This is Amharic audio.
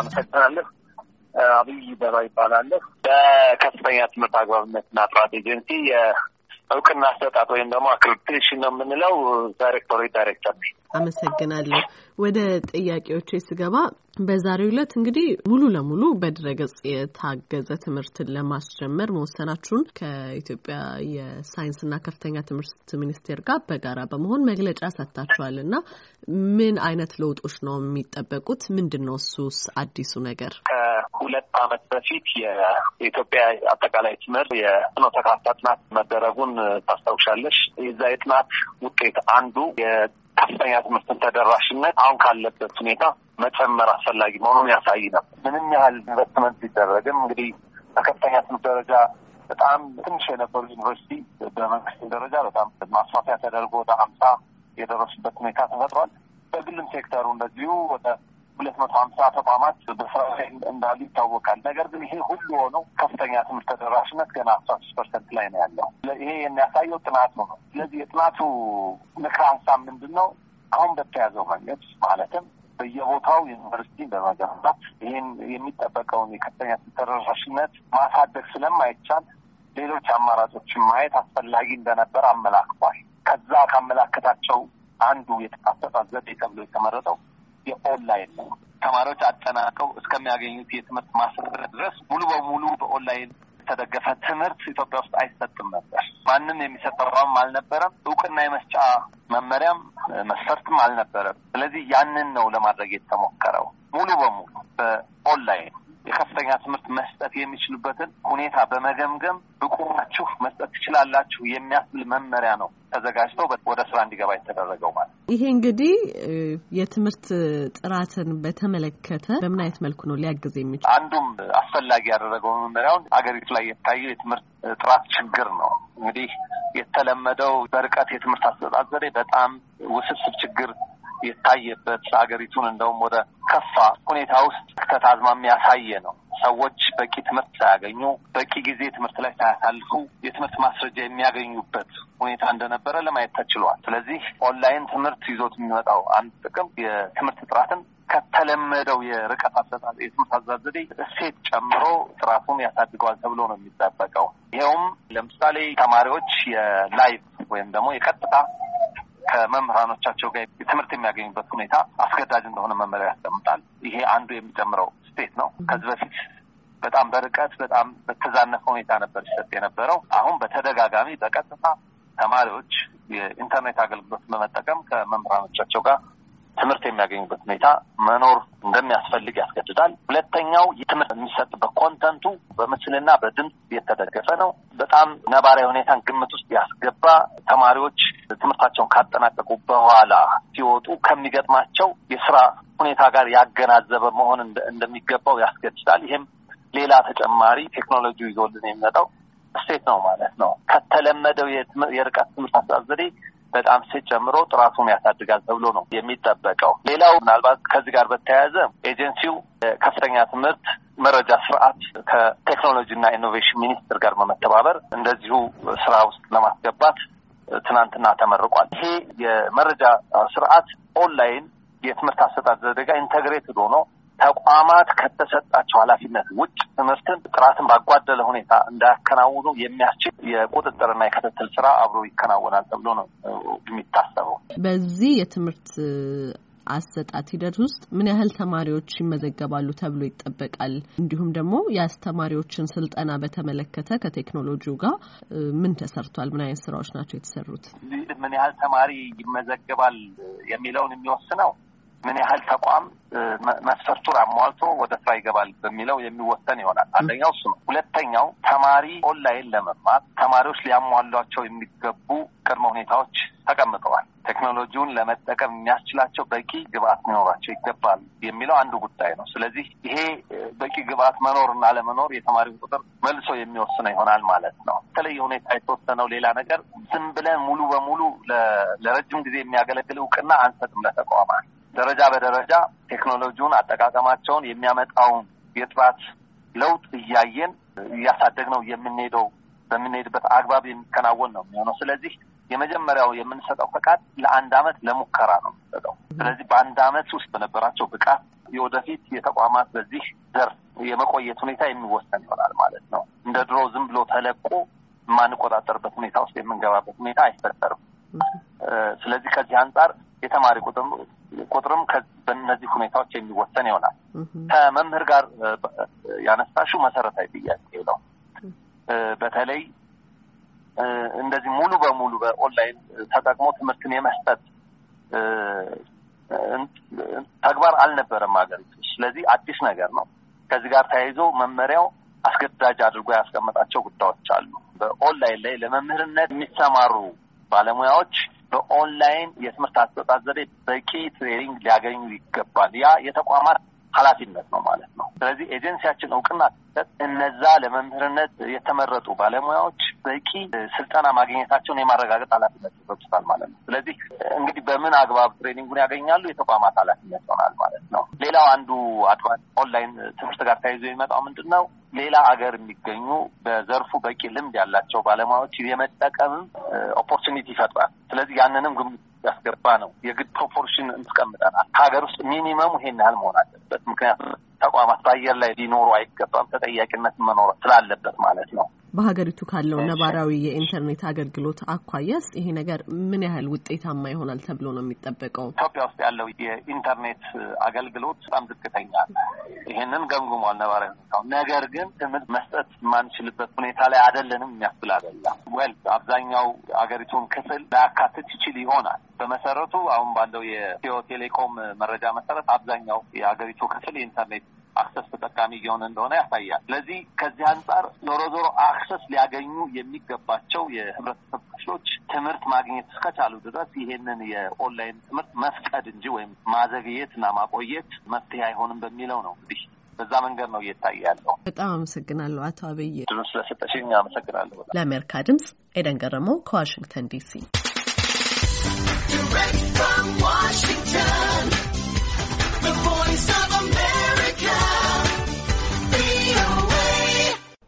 አመሰግናለሁ። አብይ ይበራ ይባላለሁ። በከፍተኛ ትምህርት አግባብነትና ጥራት ኤጀንሲ እውቅና አሰጣጥ ወይም ደግሞ አክሬዲቴሽን ነው የምንለው ዳይሬክቶሬት ዳይሬክተር ነኝ። አመሰግናለሁ። ወደ ጥያቄዎች ስገባ በዛሬው ዕለት እንግዲህ ሙሉ ለሙሉ በድረገጽ የታገዘ ትምህርትን ለማስጀመር መወሰናችሁን ከኢትዮጵያ የሳይንስና ከፍተኛ ትምህርት ሚኒስቴር ጋር በጋራ በመሆን መግለጫ ሰጥታችኋል እና ምን አይነት ለውጦች ነው የሚጠበቁት? ምንድን ነው እሱስ አዲሱ ነገር? ከሁለት ዓመት በፊት የኢትዮጵያ አጠቃላይ ትምህርት የፍኖተ ካርታ ጥናት መደረጉን ታስታውሻለሽ። የዛ የጥናት ውጤት አንዱ ከፍተኛ ትምህርትን ተደራሽነት አሁን ካለበት ሁኔታ መጨመር አስፈላጊ መሆኑን ያሳይ ነው። ምንም ያህል ኢንቨስትመንት ቢደረግም እንግዲህ በከፍተኛ ትምህርት ደረጃ በጣም ትንሽ የነበሩ ዩኒቨርሲቲ በመንግስት ደረጃ በጣም ማስፋፊያ ተደርጎ ወደ ሀምሳ የደረሱበት ሁኔታ ተፈጥሯል። በግልም ሴክተሩ እንደዚሁ ወደ ሁለት መቶ ሀምሳ ተቋማት በስራ ላይ እንዳሉ ይታወቃል። ነገር ግን ይሄ ሁሉ ሆነው ከፍተኛ ትምህርት ተደራሽነት ገና አስራ ሶስት ፐርሰንት ላይ ነው ያለው። ይሄ የሚያሳየው ጥናቱ ነው። ስለዚህ የጥናቱ ምክረ ሀሳብ ምንድን ነው? አሁን በተያዘው መንገድ ማለትም በየቦታው ዩኒቨርሲቲ በመገንባት ይህን የሚጠበቀውን የከፍተኛ ትምህርት ተደራሽነት ማሳደግ ስለማይቻል ሌሎች አማራጮችን ማየት አስፈላጊ እንደነበር አመላክቷል። ከዛ ካመላከታቸው አንዱ የጥናት ዘዴ ተብሎ የተመረጠው የኦንላይን ነው። ተማሪዎች አጠናቀው እስከሚያገኙት የትምህርት ማስረ ድረስ ሙሉ በሙሉ በኦንላይን የተደገፈ ትምህርት ኢትዮጵያ ውስጥ አይሰጥም ነበር። ማንም የሚሰጥ አልነበረም። እውቅና የመስጫ መመሪያም መስፈርትም አልነበረም። ስለዚህ ያንን ነው ለማድረግ የተሞከረው ሙሉ በሙሉ በኦንላይን የከፍተኛ ትምህርት መስጠት የሚችሉበትን ሁኔታ በመገምገም ብቁ ናችሁ መስጠት ትችላላችሁ የሚያስብል መመሪያ ነው ተዘጋጅቶ ወደ ስራ እንዲገባ የተደረገው ማለት ይሄ እንግዲህ የትምህርት ጥራትን በተመለከተ በምን አይነት መልኩ ነው ሊያግዝ የሚችል? አንዱም አስፈላጊ ያደረገው መመሪያውን አገሪቱ ላይ የታየው የትምህርት ጥራት ችግር ነው። እንግዲህ የተለመደው በርቀት የትምህርት አሰጣጥ ዘዴ በጣም ውስብስብ ችግር የታየበት ሀገሪቱን እንደውም ወደ ከፋ ሁኔታ ውስጥ ክተት አዝማሚ ያሳየ ነው። ሰዎች በቂ ትምህርት ሳያገኙ በቂ ጊዜ ትምህርት ላይ ሳያሳልፉ የትምህርት ማስረጃ የሚያገኙበት ሁኔታ እንደነበረ ለማየት ተችሏል። ስለዚህ ኦንላይን ትምህርት ይዞት የሚመጣው አንድ ጥቅም የትምህርት ጥራትን ከተለመደው የርቀት አሰጣጥ የትምህርት አሰጣጥ እሴት ጨምሮ ጥራቱን ያሳድገዋል ተብሎ ነው የሚጠበቀው። ይኸውም ለምሳሌ ተማሪዎች የላይቭ ወይም ደግሞ የቀጥታ ከመምህራኖቻቸው ጋር ትምህርት የሚያገኙበት ሁኔታ አስገዳጅ እንደሆነ መመሪያ ያስቀምጣል። ይሄ አንዱ የሚጨምረው ስቴት ነው። ከዚህ በፊት በጣም በርቀት በጣም በተዛነፈ ሁኔታ ነበር ሲሰጥ የነበረው። አሁን በተደጋጋሚ በቀጥታ ተማሪዎች የኢንተርኔት አገልግሎት በመጠቀም ከመምህራኖቻቸው ጋር ትምህርት የሚያገኙበት ሁኔታ መኖር እንደሚያስፈልግ ያስገድዳል። ሁለተኛው ትምህርት የሚሰጥበት ኮንተንቱ በምስልና በድምፅ የተደገፈ ነው። በጣም ነባራዊ ሁኔታን ግምት ውስጥ ያስገባ ተማሪዎች ትምህርታቸውን ካጠናቀቁ በኋላ ሲወጡ ከሚገጥማቸው የስራ ሁኔታ ጋር ያገናዘበ መሆን እንደሚገባው ያስገድዳል። ይህም ሌላ ተጨማሪ ቴክኖሎጂ ይዞልን የሚመጣው እሴት ነው ማለት ነው። ከተለመደው የርቀት ትምህርት አሰጣጥ ዘዴ በጣም ሴት ጨምሮ ጥራቱን ያሳድጋል ተብሎ ነው የሚጠበቀው። ሌላው ምናልባት ከዚህ ጋር በተያያዘ ኤጀንሲው ከፍተኛ ትምህርት መረጃ ስርዓት ከቴክኖሎጂና ኢኖቬሽን ሚኒስቴር ጋር በመተባበር እንደዚሁ ስራ ውስጥ ለማስገባት ትናንትና ተመርቋል። ይሄ የመረጃ ስርዓት ኦንላይን የትምህርት አሰጣጥ ዘዴ ጋር ኢንተግሬትድ ሆኖ ተቋማት ከተሰጣቸው ኃላፊነት ውጭ ትምህርትን ጥራትን ባጓደለ ሁኔታ እንዳያከናውኑ የሚያስችል የቁጥጥርና የክትትል ስራ አብሮ ይከናወናል ተብሎ ነው የሚታሰበው። በዚህ የትምህርት አሰጣት ሂደት ውስጥ ምን ያህል ተማሪዎች ይመዘገባሉ ተብሎ ይጠበቃል? እንዲሁም ደግሞ የአስተማሪዎችን ስልጠና በተመለከተ ከቴክኖሎጂው ጋር ምን ተሰርቷል? ምን አይነት ስራዎች ናቸው የተሰሩት? ምን ያህል ተማሪ ይመዘገባል የሚለውን የሚወስነው ምን ያህል ተቋም መስፈርቱን አሟልቶ ወደ ስራ ይገባል በሚለው የሚወሰን ይሆናል። አንደኛው እሱ ነው። ሁለተኛው ተማሪ ኦንላይን ለመማር ተማሪዎች ሊያሟሏቸው የሚገቡ ቅድመ ሁኔታዎች ተቀምጠዋል። ቴክኖሎጂውን ለመጠቀም የሚያስችላቸው በቂ ግብአት ሊኖራቸው ይገባል የሚለው አንዱ ጉዳይ ነው። ስለዚህ ይሄ በቂ ግብአት መኖር እና ለመኖር የተማሪውን ቁጥር መልሶ የሚወስነው ይሆናል ማለት ነው። በተለየ ሁኔታ የተወሰነው ሌላ ነገር ዝም ብለን ሙሉ በሙሉ ለረጅም ጊዜ የሚያገለግል እውቅና አንሰጥም ለተቋማት ደረጃ በደረጃ ቴክኖሎጂውን አጠቃቀማቸውን የሚያመጣውን የጥራት ለውጥ እያየን እያሳደግ ነው የምንሄደው በምንሄድበት አግባብ የሚከናወን ነው የሚሆነው። ስለዚህ የመጀመሪያው የምንሰጠው ፈቃድ ለአንድ አመት ለሙከራ ነው የምንሰጠው። ስለዚህ በአንድ አመት ውስጥ በነበራቸው ብቃት የወደፊት የተቋማት በዚህ ዘርፍ የመቆየት ሁኔታ የሚወሰን ይሆናል ማለት ነው። እንደ ድሮ ዝም ብሎ ተለቆ የማንቆጣጠርበት ሁኔታ ውስጥ የምንገባበት ሁኔታ አይፈጠርም። ስለዚህ ከዚህ አንጻር የተማሪ ቁጥር ቁጥርም በእነዚህ ሁኔታዎች የሚወሰን ይሆናል። ከመምህር ጋር ያነሳሹ መሰረታዊ ጥያቄ ነው። በተለይ እንደዚህ ሙሉ በሙሉ በኦንላይን ተጠቅሞ ትምህርትን የመስጠት ተግባር አልነበረም ሀገሪቱ። ስለዚህ አዲስ ነገር ነው። ከዚህ ጋር ተያይዞ መመሪያው አስገዳጅ አድርጎ ያስቀመጣቸው ጉዳዮች አሉ። በኦንላይን ላይ ለመምህርነት የሚሰማሩ ባለሙያዎች በኦንላይን የትምህርት አሰጣጥ ዘዴ በቂ ትሬኒንግ ሊያገኙ ይገባል። ያ የተቋማት ኃላፊነት ነው ማለት ነው። ስለዚህ ኤጀንሲያችን እውቅና ሲሰጥ እነዛ ለመምህርነት የተመረጡ ባለሙያዎች በቂ ስልጠና ማግኘታቸውን የማረጋገጥ ኃላፊነት ይሰጡታል ማለት ነው። ስለዚህ እንግዲህ በምን አግባብ ትሬኒንጉን ያገኛሉ የተቋማት ኃላፊነት ይሆናል ማለት ነው። ሌላው አንዱ አድቫንስ ኦንላይን ትምህርት ጋር ተያይዞ የሚመጣው ምንድን ነው? ሌላ ሀገር የሚገኙ በዘርፉ በቂ ልምድ ያላቸው ባለሙያዎች የመጠቀምም ኦፖርቹኒቲ ይፈጥራል። ስለዚህ ያንንም ግምት ያስገባ ነው። የግድ ፕሮፖርሽን እንስቀምጠናል። ከሀገር ውስጥ ሚኒመሙ ይሄን ያህል መሆን አለበት። ምክንያቱም ተቋማት በአየር ላይ ሊኖሩ አይገባም። ተጠያቂነት መኖር ስላለበት ማለት ነው። በሀገሪቱ ካለው ነባራዊ የኢንተርኔት አገልግሎት አኳያስ ይሄ ነገር ምን ያህል ውጤታማ ይሆናል ተብሎ ነው የሚጠበቀው? ኢትዮጵያ ውስጥ ያለው የኢንተርኔት አገልግሎት በጣም ዝቅተኛ ይሄንን ገምግሟል ነባራዊ ሁኔታው። ነገር ግን ትምህርት መስጠት የማንችልበት ሁኔታ ላይ አይደለንም የሚያስብል አይደለም። ወል አብዛኛው አገሪቱን ክፍል ላያካትት ይችል ይሆናል። በመሰረቱ አሁን ባለው የኢትዮ ቴሌኮም መረጃ መሰረት አብዛኛው የሀገሪቱ ክፍል የኢንተርኔት አክሰስ ተጠቃሚ እየሆነ እንደሆነ ያሳያል። ስለዚህ ከዚህ አንጻር ዞሮ ዞሮ አክሰስ ሊያገኙ የሚገባቸው የህብረተሰብ ክፍሎች ትምህርት ማግኘት እስከቻሉ ድረስ ይሄንን የኦንላይን ትምህርት መፍቀድ እንጂ ወይም ማዘግየት እና ማቆየት መፍትሄ አይሆንም በሚለው ነው እንግዲህ በዛ መንገድ ነው እየታየ ያለው። በጣም አመሰግናለሁ አቶ አብይ ድምፅ ስለሰጠሽኝ አመሰግናለሁ። ለአሜሪካ ድምፅ ኤደን ገረመው ከዋሽንግተን ዲሲ